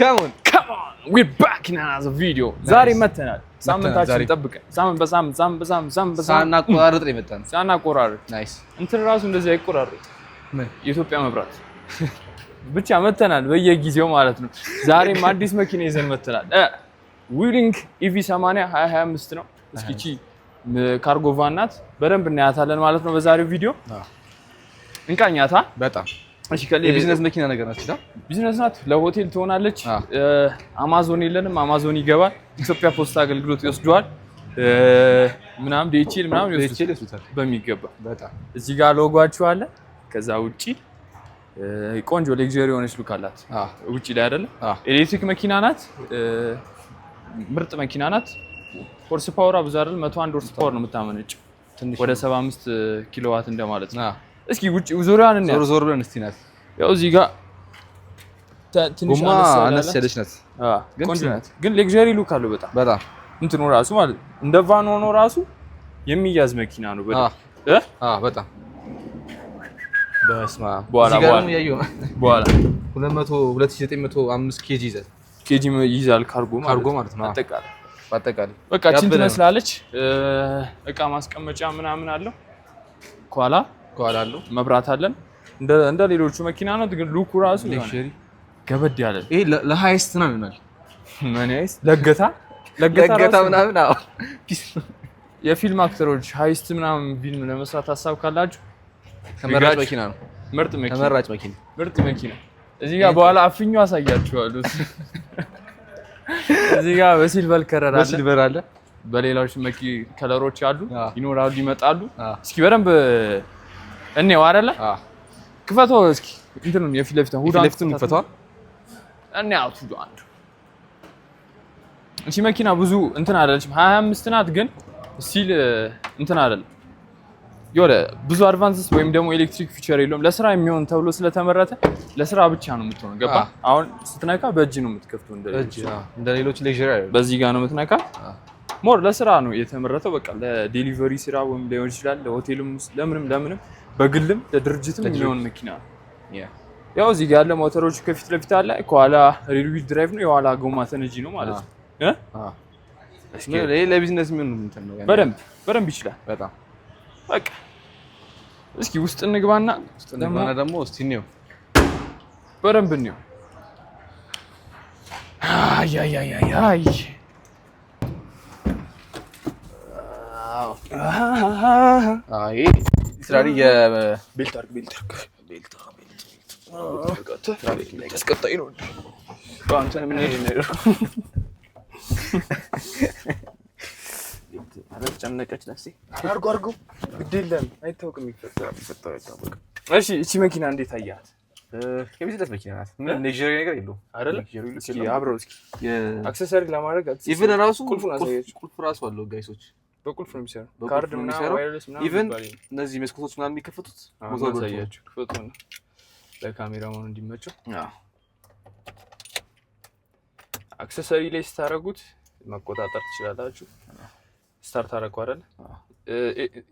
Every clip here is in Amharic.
ከሞን ከሞን ዊ ባክ ኢን አናዘር ቪዲዮ ዛሬ መተናል። ሳምንታችን ጠብቀን ሳምንት በሳምንት ሳምንት በሳምንት ሳምንት በሳምንት ሳናቆራርጥ ነው የመጣነው። ሳናቆራርጥ ናይስ እንትን ራሱ እንደዚህ አይቆራርጥ የኢትዮጵያ መብራት ብቻ መተናል፣ በየጊዜው ማለት ነው። ዛሬም አዲስ መኪና ይዘን መተናል። ዊሊንግ ኢቪ 80 2025 ነው። እስኪ እቺ ካርጎቫን ናት፣ በደንብ እናያታለን ማለት ነው በዛሬው ቪዲዮ እንቃኛታ በጣም የቢዝነስ መኪና ነገር ናት። ቢዝነስ ናት። ለሆቴል ትሆናለች። አማዞን የለንም፣ አማዞን ይገባል። ኢትዮጵያ ፖስታ አገልግሎት ይወስደዋል። ምናምን ዲኤችኤል ምናምን ዲኤችኤል ይወስዱታል በሚገባ በጣም እዚህ ጋር ሎጓችሁ አለ። ከዛ ውጪ ቆንጆ ሌክዠሪ የሆነች ሉክ አላት። ውጪ ላይ አይደለ ኤሌክትሪክ መኪና ናት። ምርጥ መኪና ናት። ሆርስ ፓወር ብዙ አይደል፣ 101 ሆርስ ፓወር ነው የምታመነጭ ወደ 75 ኪሎዋት እንደማለት ነው። እስኪ ውጭ ዙሪያዋን ዞር ዞር ብለን እስቲ ናት ያው እዚህ ጋር ትንሽ አነስ ያለች ናት፣ ግን ሌክዠሪ ሉክ አለው በጣም በጣም እንትኑ ራሱ ማለት እንደ ቫን ሆኖ ራሱ የሚያዝ መኪና ነው። በጣም አዎ፣ በጣም በስማ በኋላ በኋላ 2905 ኬጂ ይዛል ኬጂ ይዛል ካርጎ ካርጎ ማለት ነው። አጠቃላይ አጠቃላይ በቃ ቺን ትመስላለች። እቃ ማስቀመጫ ምናምን አለው። ኋላ ኋላ አለው። መብራት አለን። እንደ ሌሎቹ መኪና ነው ግን ሉኩ ራሱ ሌክሸሪ ገበድ ያለ ይሄ ለሃይስት ነው ይሆናል። ምን ሃይስት ለገታ ለገታ ምናምን። አዎ የፊልም አክተሮች ሃይስት ምናምን ፊልም ለመስራት ሀሳብ ካላችሁ ተመራጭ መኪና ነው። ምርጥ መኪና፣ ተመራጭ መኪና፣ ምርጥ መኪና። እዚህ ጋር በኋላ አፍኙ አሳያችኋለሁ። እዚህ ጋር በሲልቨር ከለር አለ፣ በሲልቨር አለ። በሌላዎች መኪ ከለሮች አሉ፣ ይኖራሉ፣ ይመጣሉ። እስኪ በደንብ እንየው አይደለ? ክፈቶ እስኪ እንትን የፊት ለፊት ነው። ሁዳን ለፊት ይፈቷል። እና አውት ቱዱ አንዱ እቺ መኪና ብዙ እንትን አይደለችም። 25 ናት ግን ሲል እንትን አይደለም የሆነ ብዙ አድቫንስስ ወይም ደግሞ ኤሌክትሪክ ፊቸር የለውም። ለስራ የሚሆን ተብሎ ስለተመረተ ለስራ ብቻ ነው የምትሆነው። ገባ አሁን ስትነካ በእጅ ነው የምትከፍተው፣ እንደ እንደ ሌሎች ሌዥር በዚህ ጋር ነው የምትነካ። ሞር ለስራ ነው የተመረተው። በቃ ለዴሊቨሪ ስራ ወይም ሊሆን ይችላል፣ ለሆቴልም፣ ለምንም ለምንም በግልም ለድርጅትም የሚሆን መኪና ያው እዚህ ያለ ሞተሮች ከፊት ለፊት አለ፣ ከኋላ ሪል ዊል ድራይቭ ነው። የኋላ ጎማ ተነጂ ነው ማለት ነው። ለቢዝነስ የሚሆን በደንብ በደንብ ይችላል። በጣም በቃ እስኪ ውስጥ እንግባና ውስጥ እንግባና ደግሞ እስቲ ነው በደንብ ነው። አይ አይ አይ አይ አይ አይ ትራሪ የቤልታርክ ቤልታርክ አስቀጣይ እሺ መኪና እንዴት አያት? የቢዝነስ መኪና ናት። ምንም ነገር የለውም አክሰሰሪ ለማድረግ ራሱ ቁልፍ ራሱ አለው ጋይሶች በቁልፍ ነው የሚሰራው። ካርድ ምናምን እነዚህ መስኮቶች ምናምን የሚከፈቱት ሞተር ክፈቱ ነው እንዲመቸው። አክሰሰሪ ላይ ስታረጉት መቆጣጠር ትችላላችሁ። ስታርት አረኩ አይደል?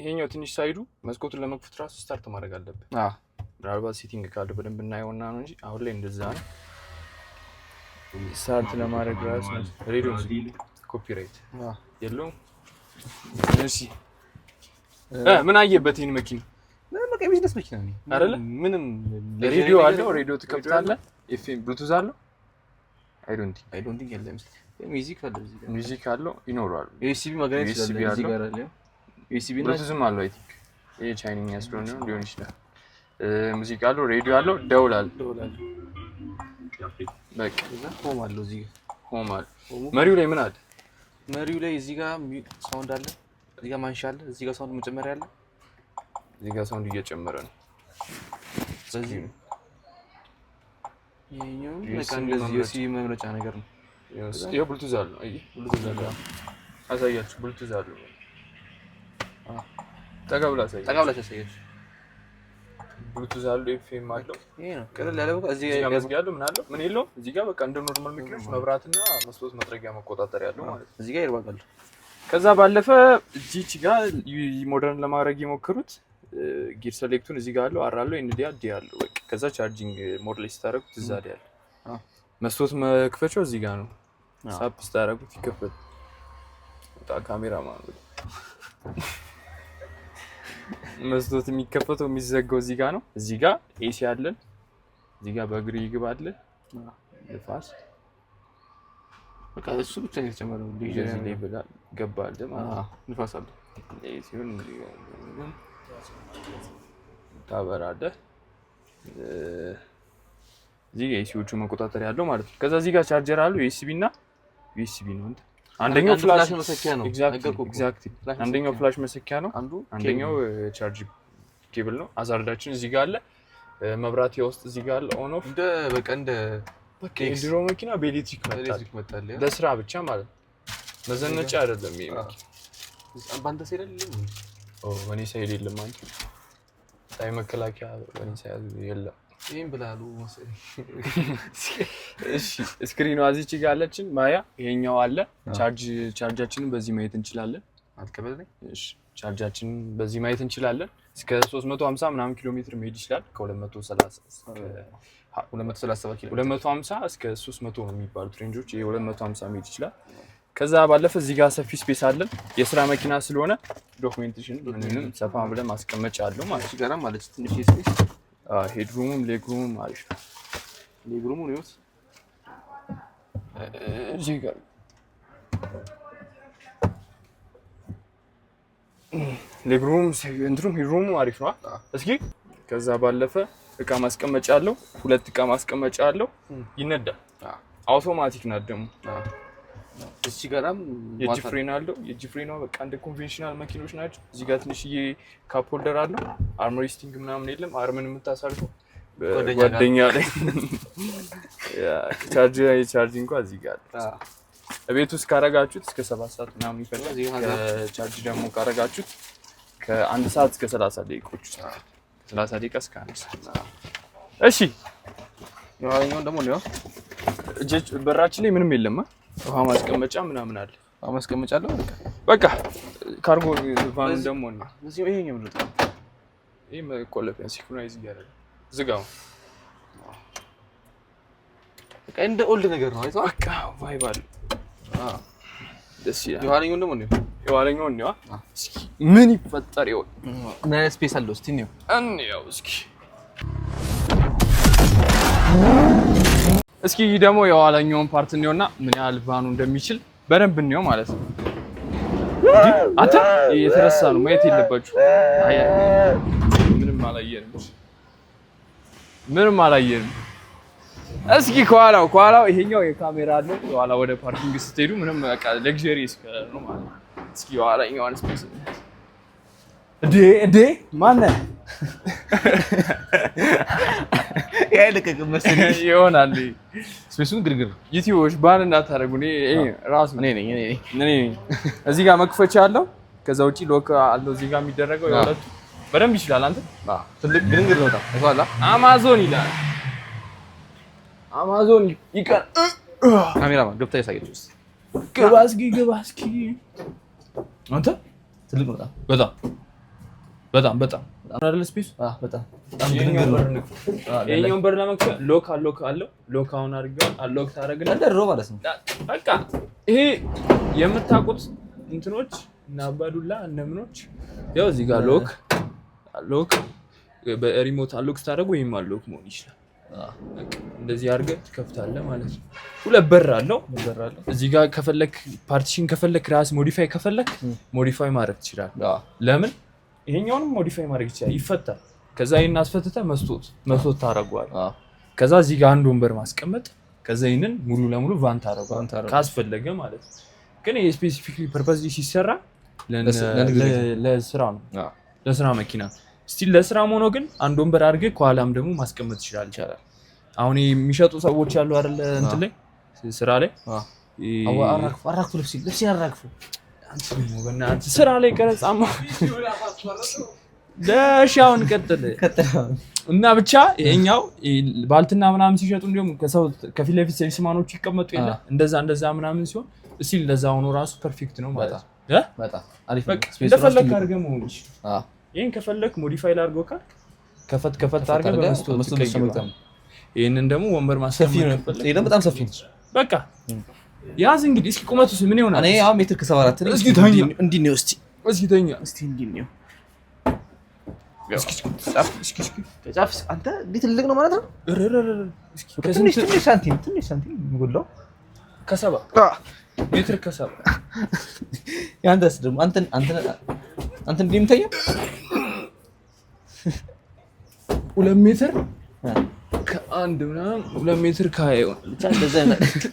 ይሄኛው ትንሽ ሳይዱ መስኮቱን ለመክፈት ራሱ ስታርት ማድረግ አለብን። ምናልባት ሴቲንግ ካለ በደንብ እናየውና ነው እንጂ አሁን ላይ እንደዛ ነው። ስታርት ለማድረግ ራሱ ሬዲዮ ኮፒራይት የለውም። እሺ ምን አየበት? ይሄን መኪና ምንም በቃ ቢዝነስ መኪና ነው አይደለ? ምንም ሬዲዮ አለው፣ ሬዲዮ ትከፍታለህ፣ ኤፍኤም ብሉቱዝ አለው። አይ ዶንት አይ ዶንት ቲንክ ያለ ምስል ሚዚክ አለው፣ ሚዚክ አለ፣ ይኖራል። ዩኤስቢ ማግኔት ይችላል፣ እዚህ ጋር አለ። ዩኤስቢ ነው፣ ብሉቱዝም አለው። አይ ቲንክ ይሄ ቻይኒኛ ስለሆነ ነው ሊሆን ይችላል። ሙዚቃ አለው፣ ሬዲዮ አለው፣ ደውል አለ፣ ደውል አለ። በቃ ሆም አለው፣ እዚህ ሆም አለው። መሪው ላይ ምን አለ? መሪው ላይ እዚህ ጋር ሳውንድ አለ፣ እዚህ ጋር ማንሻ አለ፣ እዚህ ጋር ሳውንድ መጨመር ያለ፣ እዚህ ጋር ሳውንድ እየጨመረ ነው። ስለዚህ ይሄኛው በቃ እንደዚህ የሲዲ መምረጫ ነገር ነው። ይሄ ብሉቱዝ አለ። አይ ብሉቱዝ አለ፣ አሳያችሁ፣ ብሉቱዝ አለ። አለው። ጠጋ ብላ አሳያችሁ ብሉቱዝ አለው ኤፍኤም አለው። ቀለል ያለ በቃ እዚህ ጋር መዝጊያ አለው ምን አለው ምን የለውም። እዚህ ጋር በቃ እንደ ኖርማል መኪኖች መብራትና መስኮት መጥረጊያ መቆጣጠሪያ አለው ማለት ነው። እዚህ ጋር ይርባቃል። ከዛ ባለፈ እዚች ጋር ሞደርን ለማድረግ የሞከሩት ጊር ሴሌክቱን እዚህ ጋር አለው አር አለው ኤንዲያ ዲ አለው በቃ ከዛ ቻርጂንግ ሞድ ላይ ስታደርጉት እዛ ላይ አለው። መስኮት መክፈቻው እዚህ ጋር ነው። ሳፕ ስታደርጉት ይከፈት። በቃ ካሜራ ማለት ነው መስሎት የሚከፈተው የሚዘጋው እዚህ ጋር ነው። እዚህ ጋር ኤሲ አለን። እዚህ ጋር በእግር ይግብ አለ ንፋስ በቃ እሱ ብቻ ነው የተጨመረው። ገባ አለ ንፋስ አለ ሲሆን ታበራለህ። እዚህ ጋር ኤሲዎቹ መቆጣጠር ያለው ማለት ነው። ከዛ እዚህ ጋር ቻርጀር አለው ዩኤስቢ እና ዩኤስቢ ነው እንትን አንደኛው ፍላሽ መሰኪያ ነው። አንደኛው ፍላሽ መሰኪያ ነው። አንደኛው ቻርጅ ኬብል ነው። አዛርዳችን እዚህ ጋር አለ። መብራት የውስጥ እዚህ ጋር አለ። ኦን ኦፍ እንደ በቃ እንደ የድሮ መኪና በኤሌክትሪክ መጣል ለስራ ብቻ ማለት ነው። መዘነጫ አይደለም ይሄ መኪና። በአንተ ሳይድ አይደለም። ኦ በእኔ ሳይድ የለም። አንተ ታይ መከላከያ በእኔ ሳይድ የለም። ይሄን ብላሉ መሰለኝ። እሺ ስክሪኗ እዚች ጋር አለችን። ማያ ይሄኛው አለ። ቻርጅ ቻርጃችንን በዚህ ማየት እንችላለን። አትቀበልኝ ቻርጃችንን በዚህ ማየት እንችላለን። እስከ 350 ምናምን ኪሎ ሜትር መሄድ ይችላል። 230 ከ237 እስከ 300 ነው የሚባሉት ሬንጆች። ይሄ 250 መሄድ ይችላል። ከዛ ባለፈ እዚህ ጋር ሰፊ ስፔስ አለን። የስራ መኪና ስለሆነ ዶክሜንቴሽን ምንም ሰፋ ብለን ማስቀመጫ አለው ማለት ነው። ሄድሩሙም ሌግሩሙም አሪፍ ነው። ሌግሩሙን ይኸውት እዚህ ጋር ሌግሩሙም እንትኑም ሄድሩሙ አሪፍ ነው። እስኪ ከዛ ባለፈ እቃ ማስቀመጫ አለው። ሁለት እቃ ማስቀመጫ አለው። ይነዳል። አውቶማቲክ ናት ደግሞ እዚህ ጋራም የእጅ ፍሬን አለው። የእጅ ፍሬኗ በቃ እንደ ኮንቬንሽናል መኪኖች ናቸው። እዚህ ጋር ትንሽዬ ካፕ ሆልደር አለው። አርም ሬስቲንግ ምናምን የለም። አርምን የምታሳልፈው ጓደኛ ላይ ቻርጅ የቻርጅ እንኳ እዚህ ጋር ቤት ውስጥ ካረጋችሁት እስከ ሰባት ሰዓት ምናምን ይፈጃል። ቻርጅ ደግሞ ካረጋችሁት ከአንድ ሰዓት እስከ ሰላሳ ደቂቆች ውስጥ ሰላሳ ደቂቃ እስከ አንድ ሰዓት። እሺ፣ የኋለኛውን ደግሞ በራችን ላይ ምንም የለም ውሃ ማስቀመጫ ምናምን አለ። ውሃ ማስቀመጫ አለው። በቃ ካርጎ ቫኑን ደግሞ ይሄ ምርጥ ይህ መቆለፊያ ሲንክሮናይዝ እያደረገ ዝጋው እንደ ኦልድ ነገር ነው። አይተኸዋል። በቃ ቫይብ አለው። ደስ ይላል። የኋለኛውን ደግሞ እንዲሁ የኋለኛውን እንዲሁ እስኪ ምን ይፈጠር ይሆን? ምን አይነት ስፔስ አለው? እስኪ እንየው እንየው እስኪ እስኪ ደግሞ የኋላኛውን ፓርት እንየውና ምን ያህል ቫኑ እንደሚችል በደንብ እንየው ማለት ነው። አንተ የተረሳ ነው ማየት የለባችሁ። ምንም አላየንም፣ ምንም አላየንም። እስኪ ከኋላው ከኋላው ይሄኛው የካሜራ አለ። የኋላ ወደ ፓርኪንግ ስትሄዱ ምንም በቃ ለግዠሪ እስከ ነው ማለት ነው። እስኪ የኋላኛዋን ስፔስ እንዴ! እንዴ! ማነ ያልቀቅ መሰለኝ ይሆናል። ስፔሱን ግርግር ዩቲዩቦች ባን እንዳታደርጉ። ራሱ እዚህ ጋር መክፈቻ አለው። ከዛ ውጭ ሎክ አለው። እዚህ ጋር የሚደረገው የሁለቱ በደንብ ይችላል። አንተ ትልቅ ግርግር ነው። አማዞን ይላል። አማዞን ይቀር። ካሜራማን ገብታ ያሳየች ውስጥ ግባ እስኪ፣ ግባ እስኪ። አንተ ትልቅ ነው በጣም በጣም በጣም አይደለ ስፔሱ በጣም የኛውን በር ለመክፈል ሎክ አሎክ አለው ሎክ አሁን አድርገን አሎክ ታደረግና ደሮ ማለት ነው። በቃ ይሄ የምታውቁት እንትኖች እና አባዱላ እነ ምኖች ያው እዚህ ጋር ሎክ አሎክ በሪሞት አሎክ ስታደረግ ወይም አሎክ መሆን ይችላል። እንደዚህ አድርገህ ትከፍታለህ ማለት ነው። ሁለት በር አለው። እዚህ ጋር ከፈለክ ፓርቲሽን ከፈለክ ራስ ሞዲፋይ ከፈለክ ሞዲፋይ ማድረግ ትችላለህ። ለምን ይሄኛውንም ሞዲፋይ ማድረግ ይችላል። ይፈታል። ከዛ ይህን አስፈትተ መስቶት መስቶት ታደረጓል። ከዛ እዚህ ጋር አንድ ወንበር ማስቀመጥ ከዛ ይህንን ሙሉ ለሙሉ ቫን ታደረጓል ካስፈለገ ማለት ነው። ግን የስፔሲፊክ ፐርፐዝ ሲሰራ ለስራ ነው፣ ለስራ መኪና ስቲል ለስራም ሆኖ ግን አንድ ወንበር አድርገህ ከኋላም ደግሞ ማስቀመጥ ይችላል። ይቻላል። አሁን የሚሸጡ ሰዎች ያሉ አይደለ እንትን ላይ ስራ ላይ አራግፉ፣ አራግፉ፣ ልብስ ልብስ ያራግፉ ስራ ላይ ቀረጻማ ለሻውን ቀጥል እና ብቻ ይሄኛው ባልትና ምናምን ሲሸጡ እንዲሁም ከሰው ከፊት ለፊት ሴልስማኖቹ ይቀመጡ የለ እንደዛ እንደዛ ምናምን ሲሆን እስቲል እንደዛ ሆኖ ራሱ ፐርፌክት ነው ማለት እንደፈለግ አድርገህ መሆን ይህን ከፈለግ ሞዲፋይ ላድርገው ካል ከፈት ከፈት አርገ በመስቶ ይህንን ደግሞ ወንበር ማስቀመጥ በጣም ሰፊ በቃ ያዝ እንግዲህ እስኪ ቁመቱ ምን ይሆናል? እኔ ያው ሜትር ከሰባ አራት ነኝ። እስኪ ተኛ እንዲህ ነው። እስኪ እስኪ ተኛ እንዲህ ነው። አንተ እንዲህ ትልቅ ነው ማለት ነው። ትንሽ ሳንቲም ትንሽ ሳንቲም ከሰባ ሜትር ከሰባ ደግሞ አንተ እንዲህ ሁለት ሜትር ከአንድ ምናምን ሁለት ሜትር ከሀያ ይሆናል ብቻ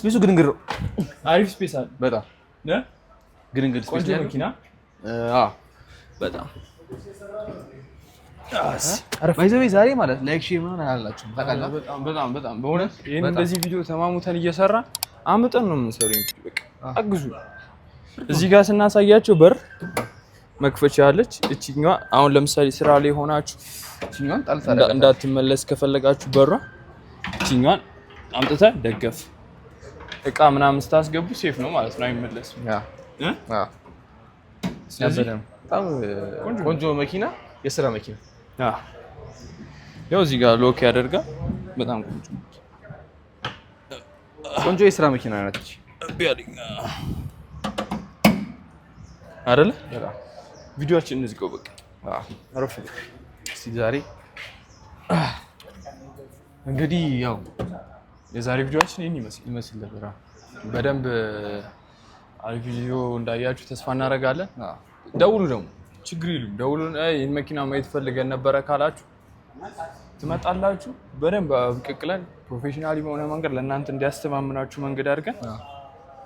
ስፔሱ ግንግር ነው። አሪፍ ስፔስ አለ። በጣም ግንግር ስፔስ ነው። መኪና በጣም ባይዘቤ ዛሬ ማለት ላይክ ሼር ምናምን አላላችሁ በጣም በጣም በጣም በእውነት ይሄን እንደዚህ ቪዲዮ ተማሙተን እየሰራ አምጠን ነው የምንሰሩ። አግዙ። እዚህ ጋር ስናሳያቸው በር መክፈቻ አለች። እችኛዋ አሁን ለምሳሌ ስራ ላይ ሆናችሁ እችኛዋን ጣልታ እንዳትመለስ ከፈለጋችሁ በሯ እችኛዋን አምጥተ ደገፍ እቃ ምናምን ስታስገቡ ሴፍ ነው ማለት ነው፣ አይመለስም። በጣም ቆንጆ መኪና፣ የስራ መኪና። ያው እዚህ ጋር ሎክ ያደርጋል። በጣም ቆንጆ ቆንጆ የስራ መኪና ነች አይደለ? ቪዲዮችን እንዝገው በቃ አረፍ። ዛሬ እንግዲህ ያው የዛሬ ቪዲዮችን ይህን ይመስል ነበር። በደንብ አሪፍ ቪዲዮ እንዳያችሁ ተስፋ እናደርጋለን። ደውሉ ደግሞ ችግር ይሉ ደውሉ ይህን መኪና ማየት ፈልገን ነበረ ካላችሁ ትመጣላችሁ። በደንብ አብቅቅለን ፕሮፌሽናል በሆነ መንገድ ለእናንተ እንዲያስተማምናችሁ መንገድ አድርገን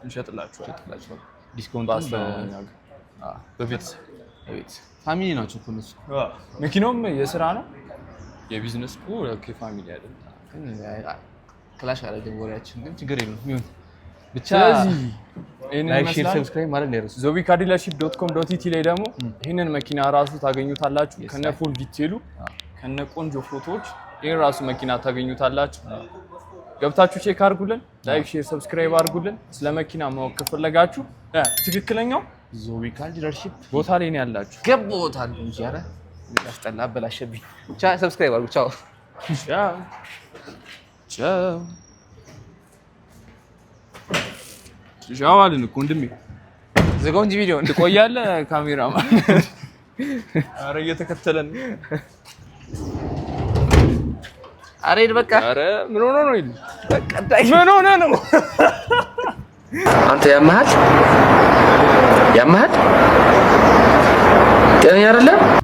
እንሸጥላችኋል። ዲስካውንት በቤተሰብ ፋሚሊ ናቸው እኮ እነሱ። መኪናውም የስራ ነው የቢዝነስ ፋሚሊ አይደለም። ክላሽ አረግን ወሬያችን ግን ችግር የለም ይሁን ብቻ። ላይክ ሼር ሰብስክራይብ ማለት ነው። ዞቢካ ዲለርሺፕ ዶት ኮም ዶት ኢቲ ላይ ደግሞ ይህንን መኪና ራሱ ታገኙታላችሁ ከነ ፉል ዲቴሉ ከነ ቆንጆ ፎቶዎች ይህን ራሱ መኪና ታገኙታላችሁ። ገብታችሁ ቼክ አድርጉልን። ላይክ ሼር ሰብስክራይብ አድርጉልን። ስለ መኪና ማወቅ ከፈለጋችሁ ትክክለኛው ዞቢካ ዲለርሺፕ ቦታ ላይ ነው ያላችሁ። ነው እንጂ ኧረ ያስጠላ አበላሸብኝ። ቻው፣ ሰብስክራይብ አድርጉ። ቻው ሻዋልን እኮ ወንድሜ ዝጋው እንጂ ቪዲዮ እንቆያለን። ካሜራማን አረ እየተከተለን አረ ሂድ በቃ። አረ ምን ሆኖ ነው? ሂድ በቃ። ምን ሆነ ነው? አንተ ያመሃል ያመሃል ጤነኛ አይደለም።